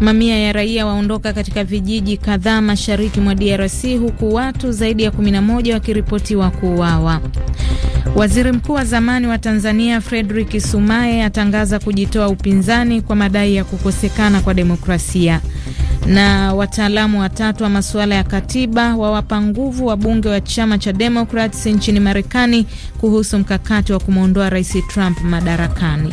Mamia ya raia waondoka katika vijiji kadhaa mashariki mwa DRC huku watu zaidi ya 11 wakiripotiwa kuuawa. Waziri mkuu wa zamani wa Tanzania Frederick Sumaye atangaza kujitoa upinzani kwa madai ya kukosekana kwa demokrasia. Na wataalamu watatu wa masuala ya katiba wawapa nguvu wabunge wa chama cha Democrats nchini Marekani kuhusu mkakati wa kumwondoa Rais Trump madarakani.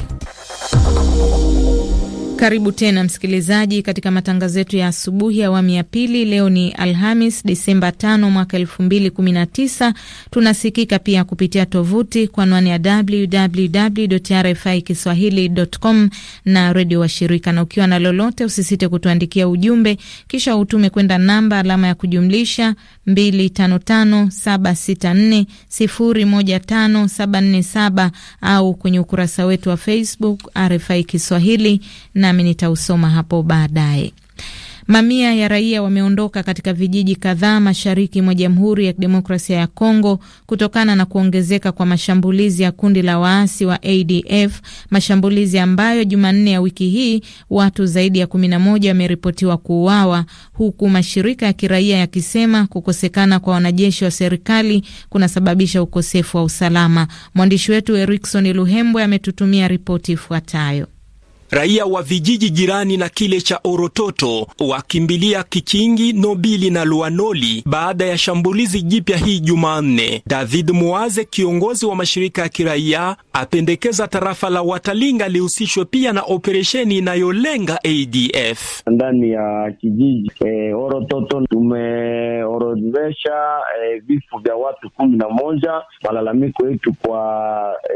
Karibu tena msikilizaji, katika matangazo yetu ya asubuhi awamu ya pili. Leo ni Alhamis, Disemba 5 mwaka 2019. Tunasikika pia kupitia tovuti kwa anwani ya www RFI kiswahili.com na redio wa shirika, na ukiwa na lolote usisite kutuandikia ujumbe, kisha utume kwenda namba alama ya kujumlisha 255764015747 au kwenye ukurasa wetu wa Facebook RFI Kiswahili na nami nitausoma hapo baadaye. Mamia ya raia wameondoka katika vijiji kadhaa mashariki mwa Jamhuri ya Kidemokrasia ya Kongo kutokana na kuongezeka kwa mashambulizi ya kundi la waasi wa ADF, mashambulizi ambayo Jumanne ya wiki hii watu zaidi ya 11 wameripotiwa kuuawa, huku mashirika ya kiraia yakisema kukosekana kwa wanajeshi wa serikali kunasababisha ukosefu wa usalama. Mwandishi wetu Erikson Luhembwe ametutumia ripoti ifuatayo. Raia wa vijiji jirani na kile cha Orototo wakimbilia Kichingi, Nobili na Luanoli baada ya shambulizi jipya hii Jumanne. David Muaze, kiongozi wa mashirika ya kiraia, apendekeza tarafa la Watalinga lihusishwe pia na operesheni inayolenga ADF ndani ya kijiji e, Orototo. Tumeorodhesha e, vifo vya watu kumi na moja. Malalamiko yetu kwa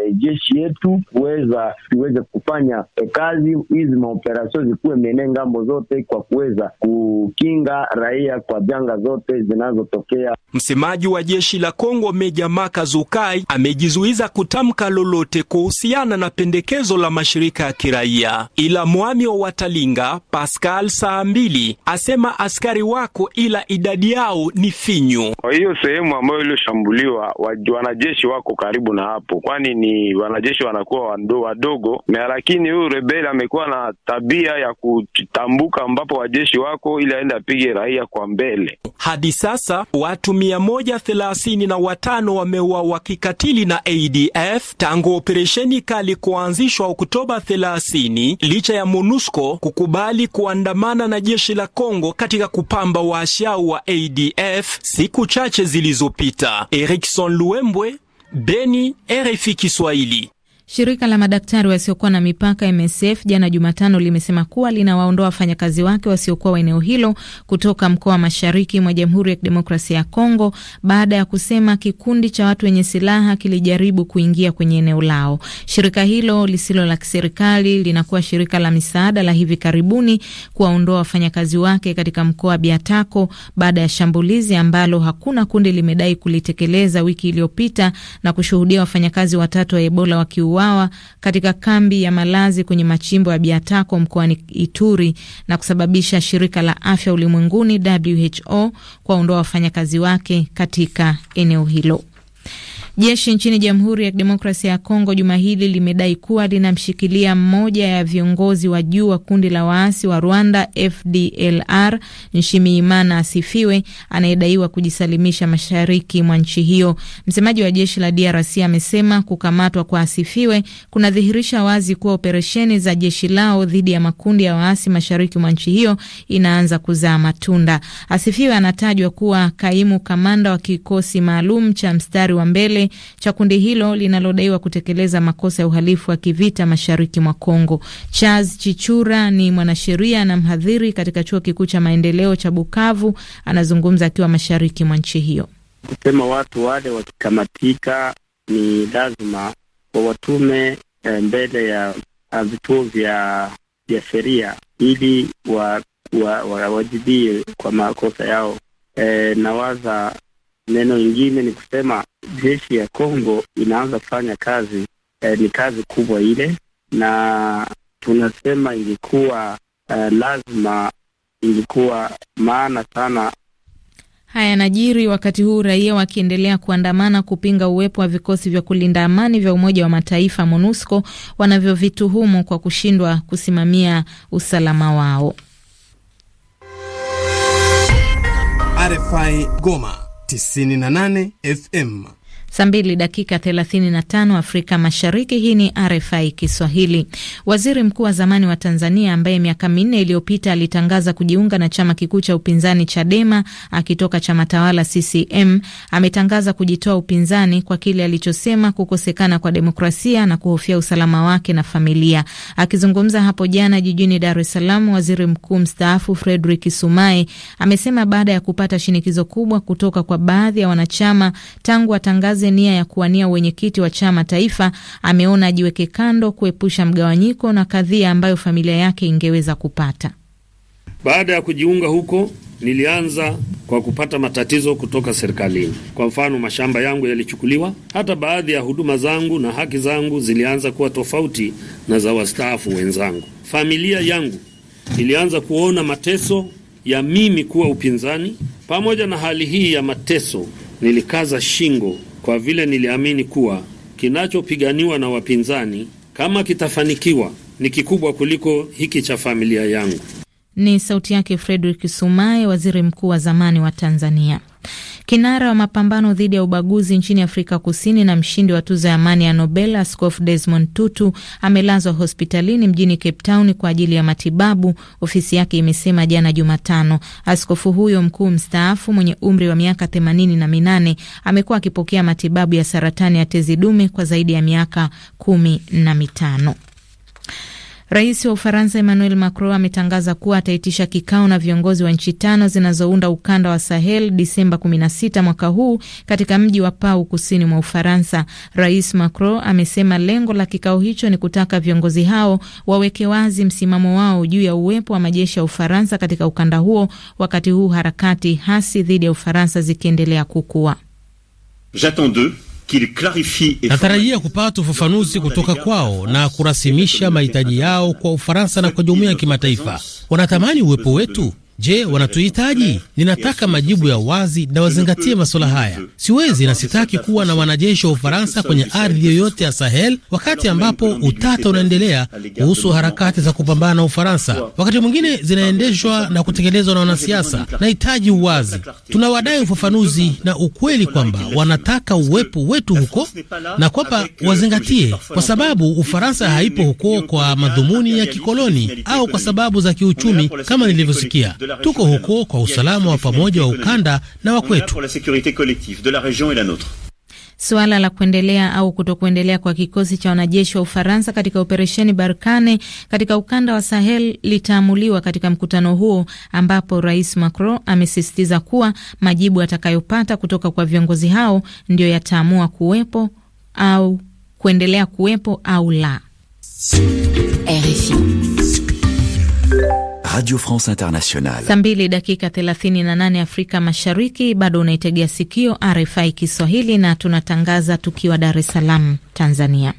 e, jeshi yetu kuweza iweze kufanya e, kazi kazi hizi maoperasio zikuwe menee ngambo zote kwa kuweza kukinga raia kwa janga zote zinazotokea. Msemaji wa jeshi la Kongo Meja Maka Zukai amejizuiza kutamka lolote kuhusiana na pendekezo la mashirika ya kiraia, ila mwami wa Watalinga Pascal saa mbili asema askari wako, ila idadi yao ni finyu. Kwa hiyo sehemu ambayo iliyoshambuliwa wanajeshi wako karibu na hapo, kwani ni wanajeshi wanakuwa wadogo, lakini huyu rebeli amekuwa na tabia ya kutambuka ambapo wajeshi wako ili aende apige raia kwa mbele. Hadi sasa watu mia moja thelathini na watano wameuawa kikatili na ADF tangu operesheni kali kuanzishwa Oktoba 30 licha ya MONUSCO kukubali kuandamana na jeshi la Kongo katika kupamba washau wa ADF siku chache zilizopita. Erikson Luembwe, Beni, RFI Kiswahili. Shirika la madaktari wasiokuwa na mipaka MSF jana Jumatano limesema kuwa linawaondoa wafanyakazi wake wasiokuwa wa eneo hilo kutoka mkoa wa mashariki mwa Jamhuri ya Kidemokrasia ya Kongo baada ya kusema kikundi cha watu wenye silaha kilijaribu kuingia kwenye eneo lao. Shirika hilo lisilo la kiserikali linakuwa shirika la misaada la hivi karibuni kuwaondoa wafanyakazi wake katika mkoa wa Biatako baada ya shambulizi ambalo hakuna kundi limedai kulitekeleza wiki iliyopita na kushuhudia wafanyakazi watatu wa Ebola wakiua waliuawa katika kambi ya malazi kwenye machimbo ya Biatako mkoani Ituri na kusababisha shirika la afya ulimwenguni WHO kuwaondoa wafanyakazi wake katika eneo hilo. Jeshi nchini Jamhuri ya Kidemokrasia ya Kongo juma hili limedai kuwa linamshikilia mmoja ya viongozi wa juu wa kundi la waasi wa Rwanda FDLR, Nshimiimana Asifiwe, anayedaiwa kujisalimisha mashariki mwa nchi hiyo. Msemaji wa jeshi la DRC amesema kukamatwa kwa Asifiwe kunadhihirisha wazi kuwa operesheni za jeshi lao dhidi ya makundi ya waasi mashariki mwa nchi hiyo inaanza kuzaa matunda. Asifiwe anatajwa kuwa kaimu kamanda wa kikosi maalum cha mstari wa mbele cha kundi hilo linalodaiwa kutekeleza makosa ya uhalifu wa kivita mashariki mwa Kongo. Charles Chichura ni mwanasheria na mhadhiri katika chuo kikuu cha maendeleo cha Bukavu, anazungumza akiwa mashariki mwa nchi hiyo. Kusema watu wale wakikamatika, ni lazima wawatume eh, mbele ya vituo vya vya sheria ili wa, wa, wa, wawajibie kwa makosa yao. E, nawaza Neno lingine ni kusema jeshi ya Kongo inaanza kufanya kazi eh, ni kazi kubwa ile, na tunasema ingekuwa eh, lazima ingekuwa maana sana. Haya najiri wakati huu raia wakiendelea kuandamana kupinga uwepo wa vikosi vya kulinda amani vya Umoja wa Mataifa MONUSCO wanavyovituhumu kwa kushindwa kusimamia usalama wao. RFI Goma 98 FM. Saa mbili dakika 35 Afrika Mashariki. Hii ni RFI Kiswahili. Waziri mkuu wa zamani wa Tanzania ambaye miaka minne iliyopita alitangaza kujiunga na chama kikuu cha upinzani Chadema akitoka chama tawala CCM ametangaza kujitoa upinzani kwa kile alichosema kukosekana kwa demokrasia na kuhofia usalama wake na familia. Akizungumza hapo jana jijini Dar es Salaam, waziri mkuu mstaafu Frederick Sumaye amesema baada ya kupata shinikizo kubwa kutoka kwa baadhi ya wanachama tangu atangaza atangaze nia ya kuwania uwenyekiti wa chama taifa, ameona ajiweke kando kuepusha mgawanyiko na kadhia ambayo familia yake ingeweza kupata. Baada ya kujiunga huko nilianza kwa kupata matatizo kutoka serikalini. Kwa mfano, mashamba yangu yalichukuliwa, hata baadhi ya huduma zangu na haki zangu zilianza kuwa tofauti na za wastaafu wenzangu. Familia yangu ilianza kuona mateso ya mimi kuwa upinzani. Pamoja na hali hii ya mateso, nilikaza shingo kwa vile niliamini kuwa kinachopiganiwa na wapinzani kama kitafanikiwa ni kikubwa kuliko hiki cha familia yangu. Ni sauti yake Frederick Sumaye, waziri mkuu wa zamani wa Tanzania. Kinara wa mapambano dhidi ya ubaguzi nchini Afrika Kusini na mshindi wa tuzo ya amani ya Nobel Askofu Desmond Tutu amelazwa hospitalini mjini Cape Town kwa ajili ya matibabu, ofisi yake imesema jana Jumatano. Askofu huyo mkuu mstaafu mwenye umri wa miaka themanini na minane amekuwa akipokea matibabu ya saratani ya tezi dume kwa zaidi ya miaka kumi na mitano. Rais wa Ufaransa Emmanuel Macron ametangaza kuwa ataitisha kikao na viongozi wa nchi tano zinazounda ukanda wa Sahel Disemba 16 mwaka huu katika mji wa Pau, kusini mwa Ufaransa. Rais Macron amesema lengo la kikao hicho ni kutaka viongozi hao waweke wazi msimamo wao juu ya uwepo wa majeshi ya Ufaransa katika ukanda huo, wakati huu harakati hasi dhidi ya Ufaransa zikiendelea kukua. Natarajia kupata ufafanuzi kutoka kwao na kurasimisha mahitaji yao kwa Ufaransa na kwa jumuiya ya kimataifa. Wanatamani uwepo wetu Je, wanatuhitaji? Ninataka majibu ya wazi na wazingatie masuala haya. Siwezi na sitaki kuwa na wanajeshi wa Ufaransa kwenye ardhi yoyote ya Sahel, wakati ambapo utata unaendelea kuhusu harakati za kupambana na Ufaransa, wakati mwingine zinaendeshwa na kutekelezwa na wanasiasa. Nahitaji uwazi. Tunawadai ufafanuzi na ukweli kwamba wanataka uwepo wetu huko na kwamba wazingatie, kwa sababu Ufaransa haipo huko kwa madhumuni ya kikoloni au kwa sababu za kiuchumi kama nilivyosikia. Tuko huku kwa usalama wa pamoja wa ukanda na wa kwetu. Suala la kuendelea au kutokuendelea kwa kikosi cha wanajeshi wa Ufaransa katika operesheni Barkane katika ukanda wa Sahel litaamuliwa katika mkutano huo, ambapo Rais Macron amesisitiza kuwa majibu atakayopata kutoka kwa viongozi hao ndio yataamua kuwepo au kuendelea kuwepo au la. RFI. Radio France Internationale. Saa mbili dakika 38 Afrika Mashariki, bado unaitegea sikio RFI Kiswahili na tunatangaza tukiwa Dar es Salaam, Tanzania.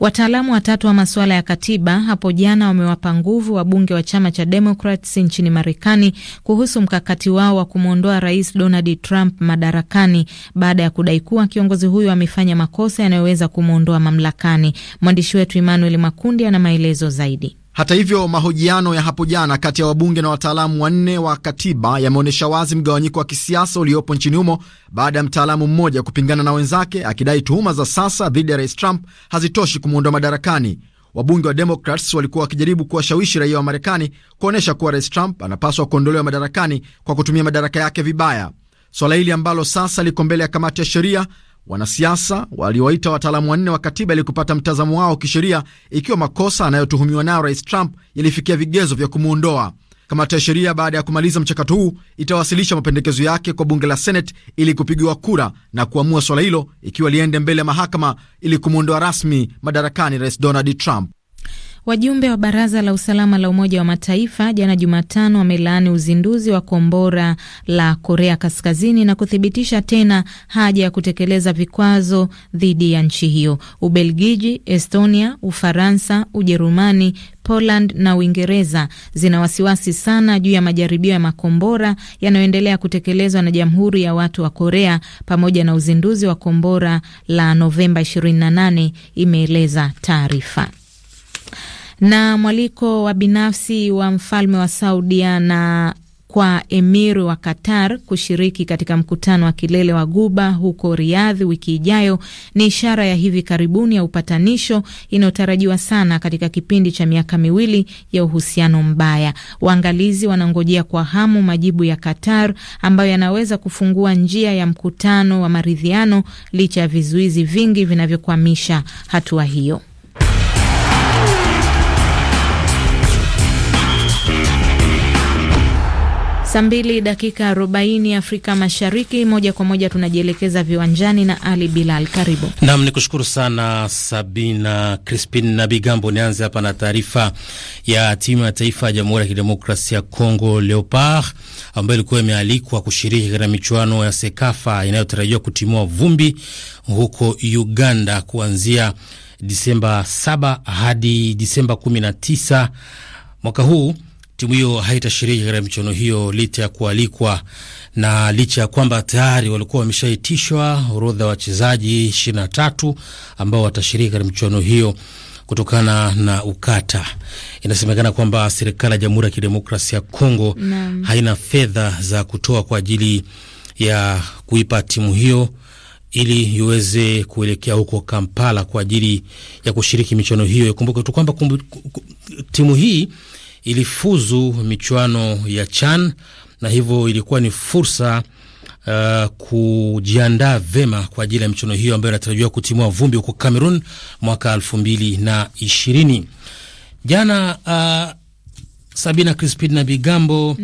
Wataalamu watatu wa masuala ya katiba hapo jana wamewapa nguvu wabunge wa chama cha Democrats nchini Marekani kuhusu mkakati wao wa kumwondoa rais Donald Trump madarakani baada ya kudai kuwa kiongozi huyo amefanya makosa yanayoweza kumwondoa mamlakani. Mwandishi wetu Emmanuel Makundi ana maelezo zaidi. Hata hivyo, mahojiano ya hapo jana kati ya wabunge na wataalamu wanne wa katiba yameonyesha wazi mgawanyiko wa kisiasa uliopo nchini humo baada ya mtaalamu mmoja kupingana na wenzake akidai tuhuma za sasa dhidi ya Rais Trump hazitoshi kumwondoa madarakani. Wabunge wa Democrats walikuwa wakijaribu kuwashawishi raia wa Marekani kuonyesha kuwa Rais Trump anapaswa kuondolewa madarakani kwa kutumia madaraka yake vibaya. Swala hili ambalo sasa liko mbele ya kamati ya sheria Wanasiasa waliwaita wataalamu wanne wa katiba ili kupata mtazamo wao kisheria ikiwa makosa anayotuhumiwa nayo Rais Trump yalifikia vigezo vya kumwondoa. Kamati ya sheria baada ya kumaliza mchakato huu itawasilisha mapendekezo yake kwa bunge la Senate ili kupigiwa kura na kuamua swala hilo ikiwa liende mbele ya mahakama ili kumwondoa rasmi madarakani Rais Donald Trump. Wajumbe wa Baraza la Usalama la Umoja wa Mataifa jana Jumatano wamelaani uzinduzi wa kombora la Korea Kaskazini na kuthibitisha tena haja ya kutekeleza vikwazo dhidi ya nchi hiyo. Ubelgiji, Estonia, Ufaransa, Ujerumani, Poland na Uingereza zina wasiwasi sana juu ya majaribio ya makombora yanayoendelea kutekelezwa na Jamhuri ya Watu wa Korea pamoja na uzinduzi wa kombora la Novemba 28, imeeleza taarifa na mwaliko wa binafsi wa mfalme wa Saudia na kwa emir wa Qatar kushiriki katika mkutano wa kilele wa Guba huko Riadhi wiki ijayo ni ishara ya hivi karibuni ya upatanisho inayotarajiwa sana katika kipindi cha miaka miwili ya uhusiano mbaya. Waangalizi wanangojea kwa hamu majibu ya Qatar ambayo yanaweza kufungua njia ya mkutano wa maridhiano licha ya vizuizi vingi vinavyokwamisha hatua hiyo. Saa mbili dakika arobaini Afrika Mashariki. Moja kwa moja tunajielekeza viwanjani na Ali Bilal, karibu nam. Ni kushukuru sana Sabina Crispin na Bigambo. Nianze hapa na taarifa ya timu ya taifa ya Jamhuri ya Kidemokrasia ya Kongo Leopard ambayo ilikuwa imealikwa kushiriki katika michuano ya SEKAFA inayotarajiwa kutimua vumbi huko Uganda kuanzia Disemba 7 hadi Disemba 19 mwaka huu timu hiyo haitashiriki katika michuano hiyo licha ya kualikwa na licha ya kwamba tayari walikuwa wameshaitishwa orodha ya wachezaji 23 ambao watashiriki katika michuano hiyo kutokana na ukata. Inasemekana kwamba serikali ya Jamhuri ya Kidemokrasia ya Kongo na haina fedha za kutoa kwa ajili ya kuipa timu hiyo ili iweze kuelekea huko Kampala kwa ajili ya kushiriki michuano hiyo. Ikumbuke tu kwamba timu hii ilifuzu michuano ya CHAN na hivyo ilikuwa ni fursa Uh, kujiandaa vema kwa ajili ya michuano hiyo ambayo inatarajiwa kutimua vumbi huko Cameroon mwaka elfu mbili na ishirini. Jana uh, Sabina Crispin na Bigambo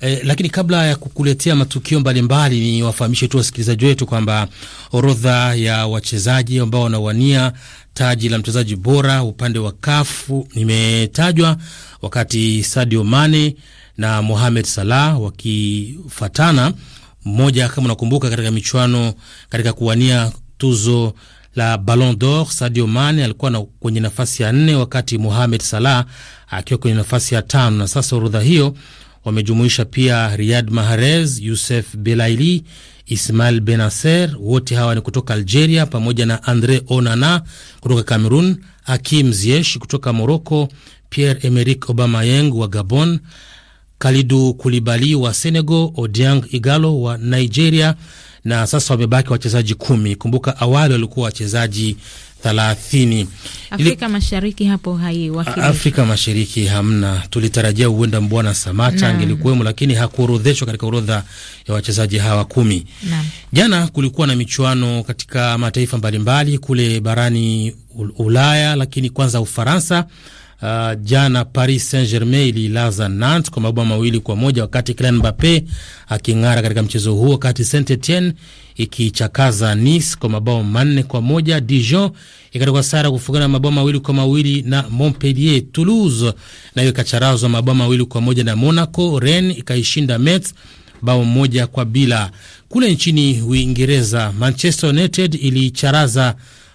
eh, lakini kabla ya kukuletea matukio mbalimbali ni wafahamishe tu wasikilizaji wetu kwamba orodha ya wachezaji ambao wanawania taji la mchezaji bora upande wa kafu limetajwa wakati Sadio Mane na Mohamed Salah wakifatana mmoja, kama unakumbuka, katika michuano katika kuwania tuzo la Ballon d'Or, Sadio Mane alikuwa na kwenye nafasi ya nne wakati Mohamed Salah akiwa kwenye nafasi ya tano. Na sasa orodha hiyo wamejumuisha pia Riyad Mahrez, Youssef Belaili, Ismail benaser wote hawa ni kutoka Algeria, pamoja na Andre Onana kutoka Cameroon, Hakim Ziyech kutoka Morocco, Pierre Emerick Aubameyang wa Gabon, Kalidou Koulibaly wa Senegal, Odiang Igalo wa Nigeria na sasa wamebaki wachezaji kumi. Kumbuka awali walikuwa wachezaji thelathini. Afrika Mashariki hapo haiwakilishi. Afrika Mashariki hamna. Tulitarajia huenda Mbwana Samata angelikuwemo, lakini hakuorodheshwa katika orodha ya wachezaji hawa kumi. Na jana kulikuwa na michuano katika mataifa mbalimbali kule barani Ulaya, lakini kwanza Ufaransa Uh, jana Paris Saint-Germain ililaza Nantes kwa mabao mawili kwa moja wakati Kylian Mbappe aking'ara katika mchezo huo, wakati Saint-Etienne ikichakaza Nice kwa mabao manne kwa moja. Dijon ikatoka sara kufungana mabao mawili kwa mawili na Montpellier. Toulouse nayo ikacharazwa mabao mawili kwa moja na Monaco. Rennes ikaishinda Metz bao moja kwa bila. Kule nchini Uingereza, Manchester United ilicharaza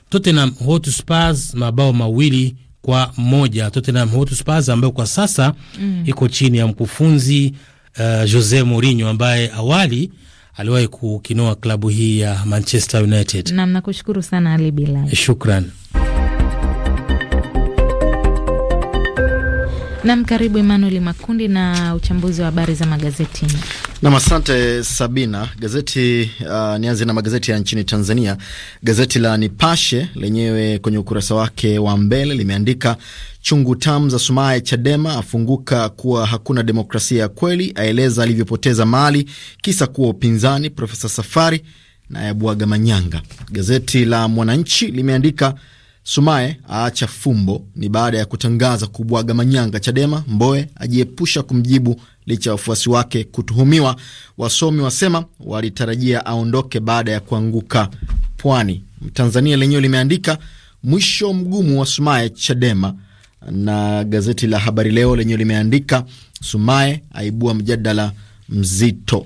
Tottenham Hotspur mabao mawili kwa moja Tottenham Hotspur ambayo kwa sasa mm. iko chini ya mkufunzi uh, Jose Mourinho ambaye awali aliwahi kukinoa klabu hii ya Manchester United. Nam, nakushukuru sana Ali Bila. Shukran. Nam, karibu Emmanuel Makundi na uchambuzi wa habari za magazetini. Nam, asante Sabina. Gazeti uh, nianze na magazeti ya nchini Tanzania. Gazeti la Nipashe lenyewe kwenye ukurasa wake wa mbele limeandika chungu tam za Sumaye, Chadema afunguka kuwa hakuna demokrasia ya kweli, aeleza alivyopoteza mali kisa kuwa upinzani, Profesa Safari na yabwaga manyanga. Gazeti la Mwananchi limeandika Sumaye aacha fumbo, ni baada ya kutangaza kubwaga manyanga Chadema, Mboe ajiepusha kumjibu licha ya wafuasi wake kutuhumiwa. Wasomi wasema walitarajia aondoke baada ya kuanguka pwani. Tanzania lenyewe limeandika mwisho mgumu wa Sumaye Chadema, na gazeti la Habari Leo lenyewe limeandika Sumaye aibua mjadala mzito.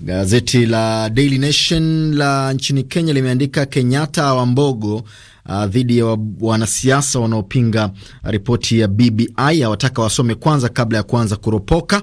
Gazeti la Daily Nation la nchini Kenya limeandika Kenyatta wa Mbogo uh, dhidi ya wanasiasa wanaopinga ripoti ya BBI, awataka wasome kwanza kabla ya kuanza kuropoka.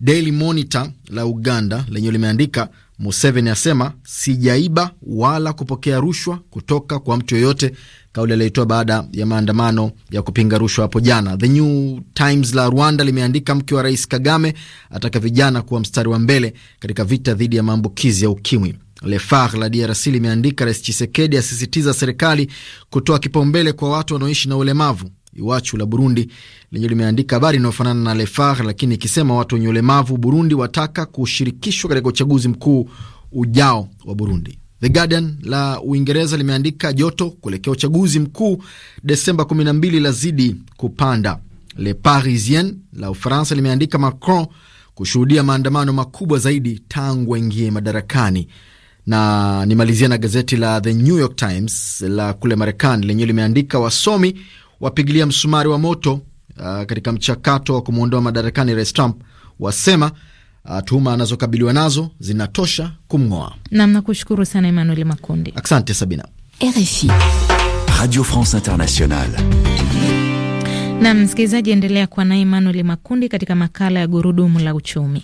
Daily Monitor la Uganda lenyewe limeandika Museveni asema sijaiba wala kupokea rushwa kutoka kwa mtu yoyote, kauli aliyoitoa baada ya maandamano ya kupinga rushwa hapo jana. The New Times la Rwanda limeandika mke wa rais Kagame ataka vijana kuwa mstari wa mbele katika vita dhidi ya maambukizi ya ukimwi. Le Phare la DRC limeandika Rais Chisekedi asisitiza serikali kutoa kipaumbele kwa watu wanaoishi na ulemavu. Iwachu la Burundi lenye limeandika habari inayofanana na Le Phare, lakini ikisema watu wenye ulemavu Burundi wataka kushirikishwa katika uchaguzi mkuu ujao wa Burundi. The Guardian la Uingereza limeandika joto kuelekea uchaguzi mkuu Desemba 12 lazidi kupanda. Le Parisien la Ufaransa limeandika Macron kushuhudia maandamano makubwa zaidi tangu aingie madarakani na nimalizia na gazeti la The New York Times la kule Marekani lenyewe limeandika wasomi wapigilia msumari wa moto uh, katika mchakato wa kumwondoa madarakani Rais Trump, wasema uh, tuhuma anazokabiliwa nazo zinatosha kumng'oa. Nam, nakushukuru sana Emmanuel Makundi. Asante Sabina. RFI Radio France Internationale. Nam msikilizaji, endelea kuwa naye Emmanuel Makundi katika makala ya gurudumu la uchumi.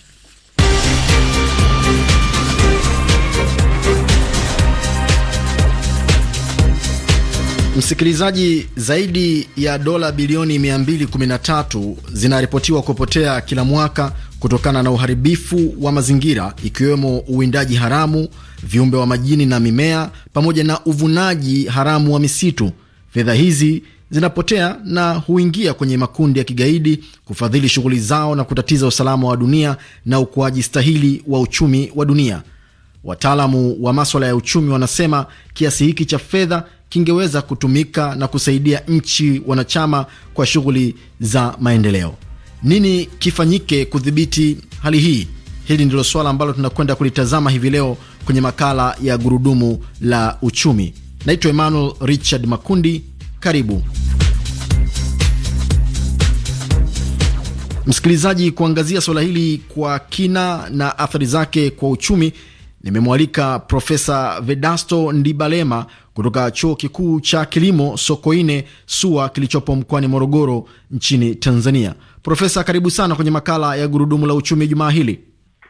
Msikilizaji, zaidi ya dola bilioni 213 zinaripotiwa kupotea kila mwaka kutokana na uharibifu wa mazingira, ikiwemo uwindaji haramu, viumbe wa majini na mimea, pamoja na uvunaji haramu wa misitu. Fedha hizi zinapotea na huingia kwenye makundi ya kigaidi kufadhili shughuli zao na kutatiza usalama wa dunia na ukuaji stahili wa uchumi wa dunia. Wataalamu wa maswala ya uchumi wanasema kiasi hiki cha fedha kingeweza kutumika na kusaidia nchi wanachama kwa shughuli za maendeleo. Nini kifanyike kudhibiti hali hii? Hili ndilo swala ambalo tunakwenda kulitazama hivi leo kwenye makala ya Gurudumu la Uchumi. Naitwa Emmanuel Richard Makundi. Karibu msikilizaji, kuangazia suala hili kwa kina na athari zake kwa uchumi. Nimemwalika Profesa Vedasto Ndibalema kutoka chuo kikuu cha kilimo Sokoine SUA kilichopo mkoani Morogoro nchini Tanzania. Profesa, karibu sana kwenye makala ya gurudumu la uchumi jumaa hili.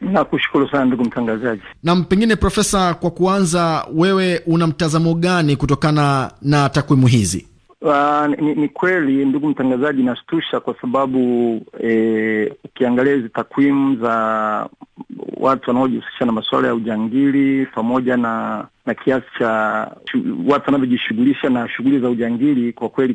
Nakushukuru sana ndugu mtangazaji. Nam, pengine profesa, kwa kuanza, wewe una mtazamo gani kutokana na takwimu hizi? Uh, ni, ni kweli ndugu mtangazaji, inashtusha kwa sababu eh, ukiangalia hizi takwimu za watu wanaojihusisha na masuala ya ujangili pamoja na na kiasi cha watu wanavyojishughulisha na shughuli za ujangili kwa kweli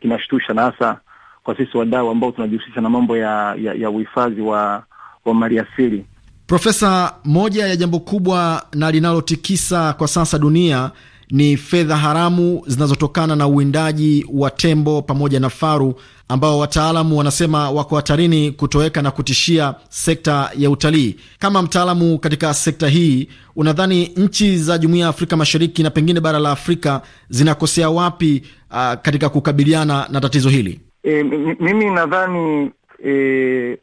kinashtusha, na hasa kwa sisi wadau ambao tunajihusisha na mambo ya, ya, ya uhifadhi wa, wa maliasili. Profesa, moja ya jambo kubwa na linalotikisa kwa sasa dunia ni fedha haramu zinazotokana na uwindaji wa tembo pamoja na faru ambao wataalamu wanasema wako hatarini kutoweka na kutishia sekta ya utalii. Kama mtaalamu katika sekta hii, unadhani nchi za Jumuiya ya Afrika Mashariki na pengine bara la Afrika zinakosea wapi uh, katika kukabiliana na tatizo hili? E, mimi nadhani e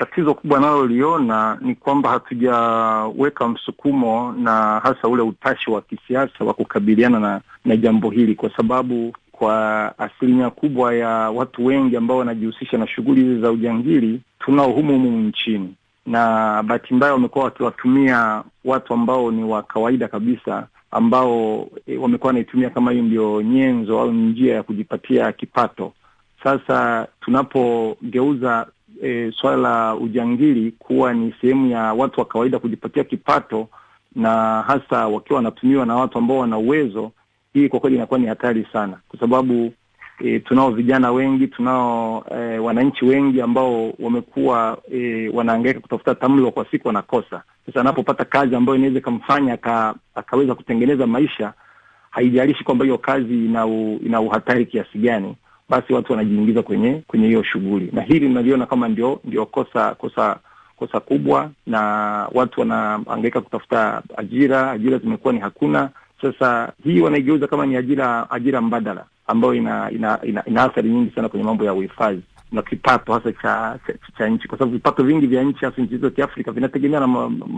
Tatizo kubwa naloliona ni kwamba hatujaweka msukumo na hasa ule utashi wa kisiasa wa kukabiliana na, na jambo hili kwa sababu kwa asilimia kubwa ya watu wengi ambao wanajihusisha na shughuli hizi za ujangili tunao humu humu nchini, na bahati mbaya wamekuwa wakiwatumia watu ambao ni wa kawaida kabisa, ambao e, wamekuwa wanaitumia kama hiyo ndio nyenzo au ni njia ya kujipatia kipato. Sasa tunapogeuza e, swala la ujangili kuwa ni sehemu ya watu wa kawaida kujipatia kipato na hasa wakiwa wanatumiwa na watu ambao wana uwezo, hii kwa kweli inakuwa ni hatari sana, kwa sababu e, tunao vijana wengi, tunao e, wananchi wengi ambao wamekuwa e, wanaangaika kutafuta tamlo kwa siku wanakosa. Sasa anapopata kazi ambayo inaweza ikamfanya akaweza kutengeneza maisha, haijalishi kwamba hiyo kazi ina uhatari kiasi gani basi watu wanajiingiza kwenye kwenye hiyo shughuli, na hili naliona kama ndio ndio kosa kosa kosa kubwa, na watu wanaangaika kutafuta ajira. Ajira zimekuwa ni hakuna. Sasa hii wanaigeuza kama ni ajira ajira mbadala ambayo ina ina, ina, ina athari nyingi sana kwenye mambo ya uhifadhi na kipato hasa cha, cha, cha nchi, kwa sababu vipato vingi vya nchi hasa nchi hizo Kiafrika vinategemea na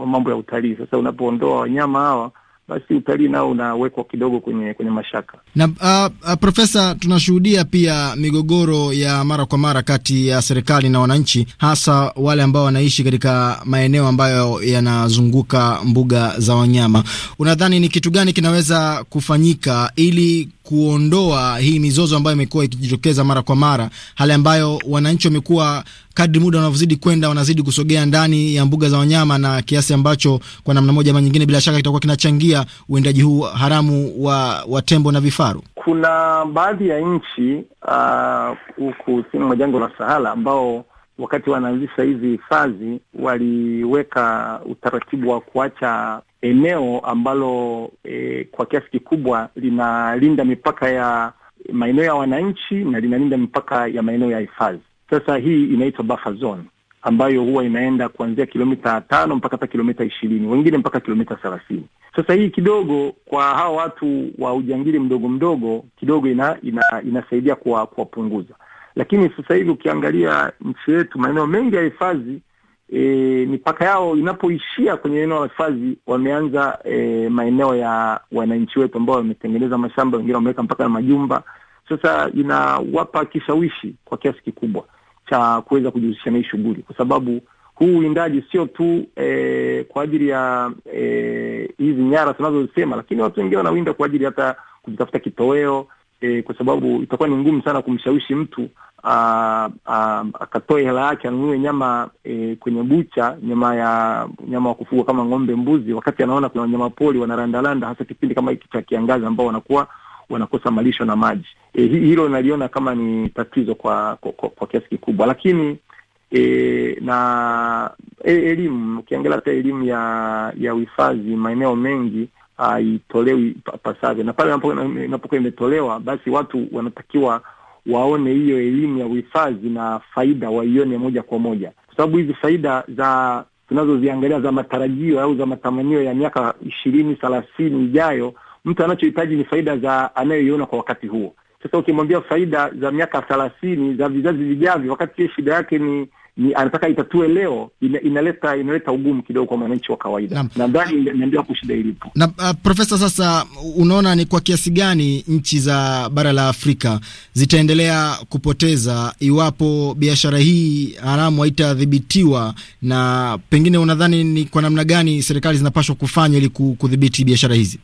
mambo ya utalii. Sasa unapoondoa wanyama hawa basi utalii nao unawekwa kidogo kwenye kwenye mashaka. Na uh, uh, Profesa, tunashuhudia pia migogoro ya mara kwa mara kati ya serikali na wananchi, hasa wale ambao wanaishi katika maeneo ambayo yanazunguka mbuga za wanyama. Unadhani ni kitu gani kinaweza kufanyika ili kuondoa hii mizozo ambayo imekuwa ikijitokeza mara kwa mara, hali ambayo wananchi wamekuwa kadri muda wanavyozidi kwenda wanazidi kusogea ndani ya mbuga za wanyama, na kiasi ambacho kwa namna moja ama nyingine bila shaka kitakuwa kinachangia uendaji huu haramu wa, wa tembo na vifaru. Kuna baadhi ya nchi ah, huku uh, kusini mwa jangwa la Sahara ambao wakati wanaanzisha hizi hifadhi waliweka utaratibu wa kuacha eneo ambalo e, kwa kiasi kikubwa linalinda mipaka ya maeneo ya wananchi na linalinda mipaka ya maeneo ya hifadhi. Sasa hii inaitwa buffer zone ambayo huwa inaenda kuanzia kilomita tano mpaka hata kilomita ishirini wengine mpaka kilomita thelathini. Sasa hii kidogo kwa hawa watu wa ujangili mdogo mdogo kidogo ina, ina, inasaidia kuwapunguza, lakini sasa hivi ukiangalia nchi yetu maeneo mengi ya hifadhi e, mipaka yao inapoishia kwenye eneo la hifadhi, wameanza e, maeneo ya wananchi wetu ambao wametengeneza mashamba, wengine wameweka mpaka na majumba. Sasa inawapa kishawishi kwa kiasi kikubwa cha kuweza kujihusisha na hii shughuli, kwa sababu huu uwindaji sio tu e, kwa ajili ya e, hizi nyara tunazozisema, lakini watu wengine wanawinda kwa ajili hata kujitafuta kitoweo e, kwa sababu itakuwa ni ngumu sana kumshawishi mtu akatoa hela yake anunue nyama e, kwenye bucha nyama ya nyama wa kufugwa kama ng'ombe, mbuzi, wakati anaona kuna wanyama pori wanarandaranda, hasa kipindi kama hiki cha kiangazi ambao wanakuwa wanakosa malisho na maji. E, hilo naliona kama ni tatizo kwa kwa, kwa, kwa kiasi kikubwa, lakini e, na e, elimu ukiangalia hata elimu ya ya uhifadhi maeneo mengi haitolewi pasavyo, na pale inapokuwa imetolewa basi watu wanatakiwa waone hiyo elimu ya uhifadhi na faida waione moja kwa moja, kwa sababu hizi faida za tunazoziangalia za matarajio au za matamanio ya miaka ishirini thelathini ijayo, mtu anachohitaji ni faida za anayoiona kwa wakati huo. Sasa ukimwambia faida za miaka thelathini za vizazi vijavyo, wakati hiyo shida yake ni ni anataka itatue leo, inaleta inaleta ugumu kidogo kwa mwananchi wa kawaida. Nadhani ndio hapo shida ilipo. Na uh, Profesa, sasa unaona ni kwa kiasi gani nchi za bara la Afrika zitaendelea kupoteza iwapo biashara hii haramu haitadhibitiwa, na pengine unadhani ni kwa namna gani serikali zinapaswa kufanya ili kudhibiti biashara hizi?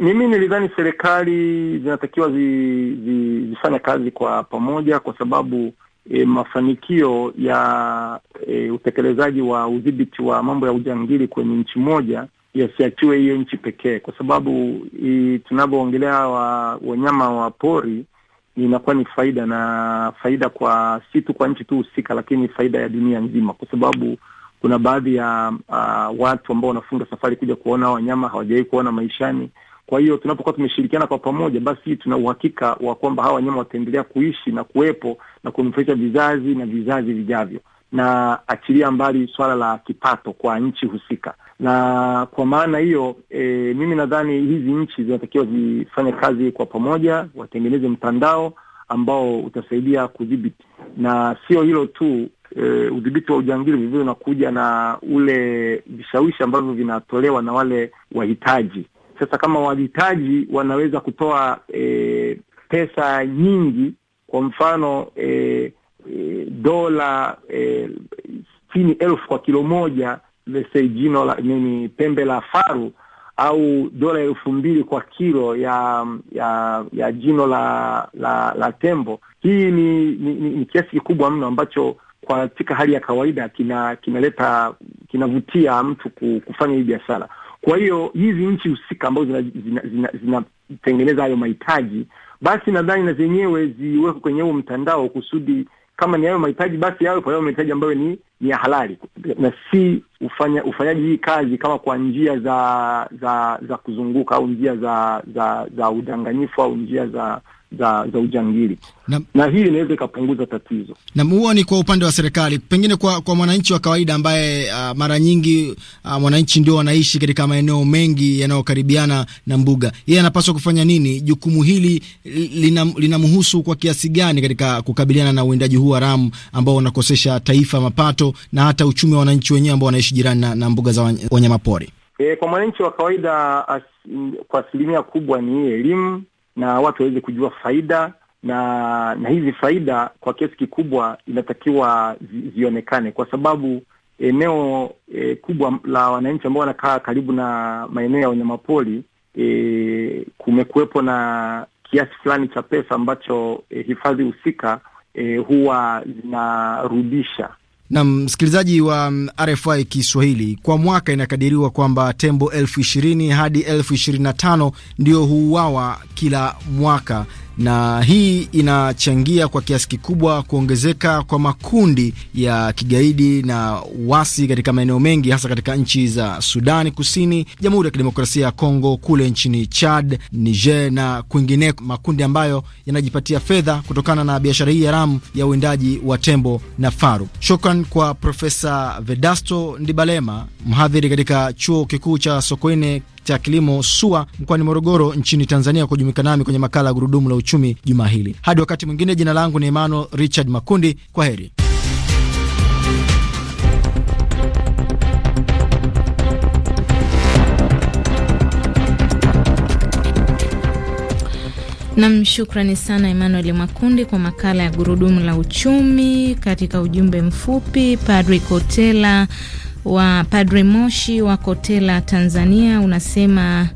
Mimi nilidhani serikali zinatakiwa zi, zi, kazi kwa pamoja, kwa sababu e, mafanikio ya e, utekelezaji wa udhibiti wa mambo ya ujangili kwenye nchi moja yasiachiwe hiyo nchi pekee, kwa sababu tunavyoongelea wa, wanyama wa pori inakuwa ni faida na faida kwa si tu kwa nchi tu husika, lakini faida ya dunia nzima, kwa sababu kuna baadhi ya uh, watu ambao wanafunga safari kuja kuona wanyama hawajawahi kuona maishani. Kwa hiyo tunapokuwa tumeshirikiana kwa pamoja, basi tuna uhakika wa kwamba hawa wanyama wataendelea kuishi na kuwepo na kunufaisha vizazi na vizazi vijavyo, na achilia mbali swala la kipato kwa nchi husika. Na kwa maana hiyo e, mimi nadhani hizi nchi zinatakiwa zifanye kazi kwa pamoja, watengeneze mtandao ambao utasaidia kudhibiti, na sio hilo tu. E, udhibiti wa ujangili vivio unakuja na ule vishawishi ambavyo vinatolewa na wale wahitaji sasa kama wahitaji wanaweza kutoa e, pesa nyingi, kwa mfano e, e, dola sitini e, elfu kwa kilo moja lese jino la nini, pembe la faru au dola elfu mbili kwa kilo ya ya, ya jino la, la la tembo. Hii ni, ni, ni, ni kiasi kikubwa mno ambacho katika hali ya kawaida kinaleta kina kinavutia mtu kufanya hii biashara. Kwa hiyo hizi nchi husika ambazo zinatengeneza zina, zina, zina hayo mahitaji, basi nadhani na zenyewe ziwekwe kwenye huo mtandao kusudi kama ni hayo mahitaji basi yawe kwa hayo mahitaji ambayo ni ni ya halali na si ufanya, ufanyaji hii kazi kama kwa njia za za za kuzunguka au njia za za za udanganyifu au njia za za za ujangili na, na hii inaweza ikapunguza tatizo. Na huo ni kwa upande wa serikali, pengine kwa, kwa mwananchi wa kawaida ambaye uh, mara nyingi uh, mwananchi ndio wanaishi katika maeneo mengi yanayokaribiana na mbuga, yeye anapaswa kufanya nini? Jukumu hili linamhusu lina kwa kiasi gani katika kukabiliana na uwindaji huu haramu ambao unakosesha taifa mapato na hata uchumi wa wananchi wenyewe ambao wanaishi jirani na, na mbuga za wanyamapori? E, kwa mwananchi wa kawaida as, kwa asilimia kubwa ni elimu na watu waweze kujua faida na na hizi faida kwa kiasi kikubwa inatakiwa zionekane kwa sababu eneo e, kubwa la wananchi ambao wanakaa karibu na maeneo ya wanyamapori e, kumekuwepo na kiasi fulani cha pesa ambacho e, hifadhi husika e, huwa zinarudisha na msikilizaji wa mm, RFI Kiswahili, kwa mwaka inakadiriwa kwamba tembo elfu ishirini hadi elfu ishirini na tano ndio huuawa kila mwaka na hii inachangia kwa kiasi kikubwa kuongezeka kwa makundi ya kigaidi na wasi katika maeneo mengi, hasa katika nchi za Sudani Kusini, Jamhuri ya Kidemokrasia ya Kongo, kule nchini Chad, Niger na kwingineko, makundi ambayo yanajipatia fedha kutokana na biashara hii haramu ya uwindaji wa tembo na faru. Shukran kwa Profesa Vedasto Ndibalema, mhadhiri katika chuo kikuu cha Sokoine cha kilimo SUA mkoani Morogoro nchini Tanzania kujumika nami kwenye makala ya gurudumu la uchumi juma hili. Hadi wakati mwingine, jina langu ni Emmanuel Richard Makundi. Kwa heri. Nam, shukrani sana Emmanuel Makundi kwa makala ya gurudumu la uchumi. Katika ujumbe mfupi, Padri Kotela wa Padre Moshi wa Kotela, Tanzania, unasema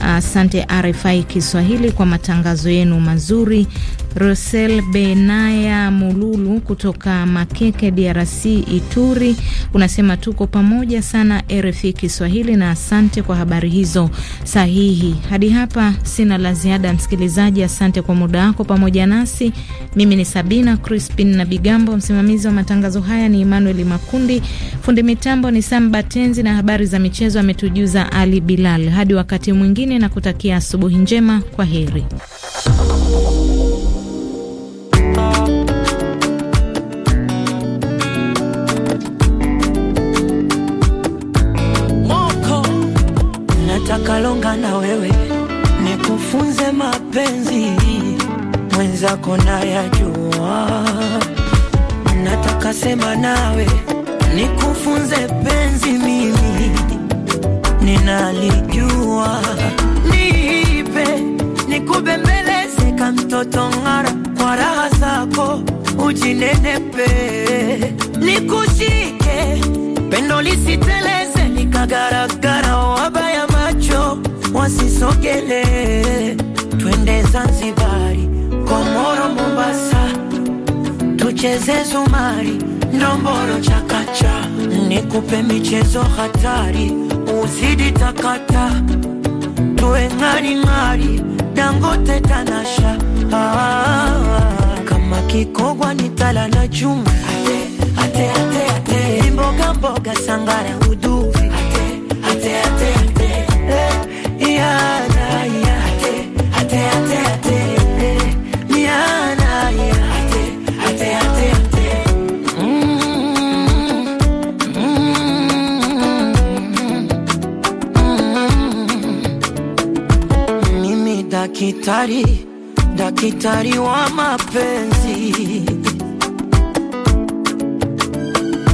asante uh, RFI Kiswahili kwa matangazo yenu mazuri. Rosel Benaya Mululu kutoka Makeke, DRC, Ituri, unasema tuko pamoja sana RFI Kiswahili, na asante kwa habari hizo sahihi. Hadi hapa sina la ziada, msikilizaji. Asante kwa muda wako pamoja nasi. Mimi ni Sabina Crispin na Bigambo, msimamizi wa matangazo haya ni Emmanuel Makundi, fundi mitambo ni Sam Batenzi, na habari za michezo ametujuza Ali Bilal. Hadi wakati mwingine, na kutakia asubuhi njema. Kwa heri. mapenzi mwenzako nayajua, nataka sema nawe nikufunze penzi, mimi ninalijua, niipe nikubembeleze, mtoto ng'ara, kwa raha zako ujinenepe, nikushike pendo lisiteleze, nikagaragara, wabaya macho wasisogele twende Zanzibari, Komoro, Mombasa, tucheze zumari, ndomboro, chakacha, nikupe michezo hatari, uzidi takata, tuwe ng'ari ng'ari, Dangote, Tanasha, ah, kama kikogwa nitala na chuma, ate, ate, ate, mboga mboga, sangara, hudu daktari, daktari wa mapenzi,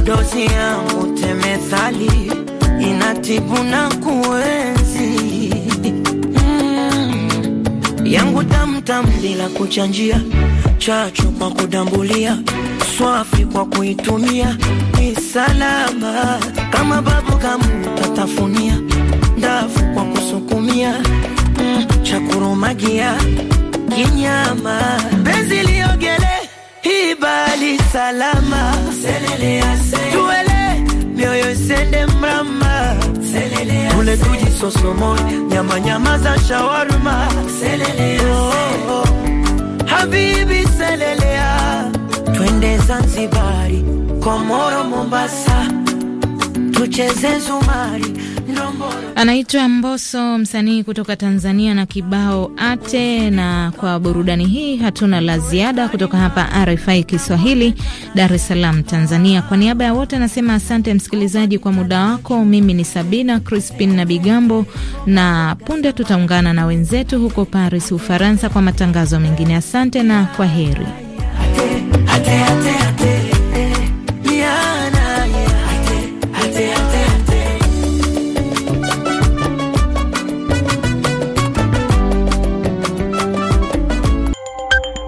dozi yangu temethali inatibu na kuenzi mm. yangu tamtam bila kuchanjia, chachu kwa kudambulia, swafi kwa kuitumia, ni salama kama babu kamu tatafunia, ndafu kwa kusukumia cha kurumagia kinyama penzi liogele hibali salama tuele mioyo sende mrama tule nyama nyamanyama za shawarma oh, oh, oh. habibi selelea twende Zanzibari, Komoro, Mombasa tucheze zumari Anaitwa mboso msanii kutoka Tanzania na kibao ate. Na kwa burudani hii hatuna la ziada kutoka hapa RFI Kiswahili, Dar es Salaam, Tanzania. Kwa niaba ya wote anasema asante msikilizaji kwa muda wako. Mimi ni Sabina Crispin na Bigambo, na punde tutaungana na wenzetu huko Paris, Ufaransa, kwa matangazo mengine. Asante na kwa heri ate, ate, ate, ate.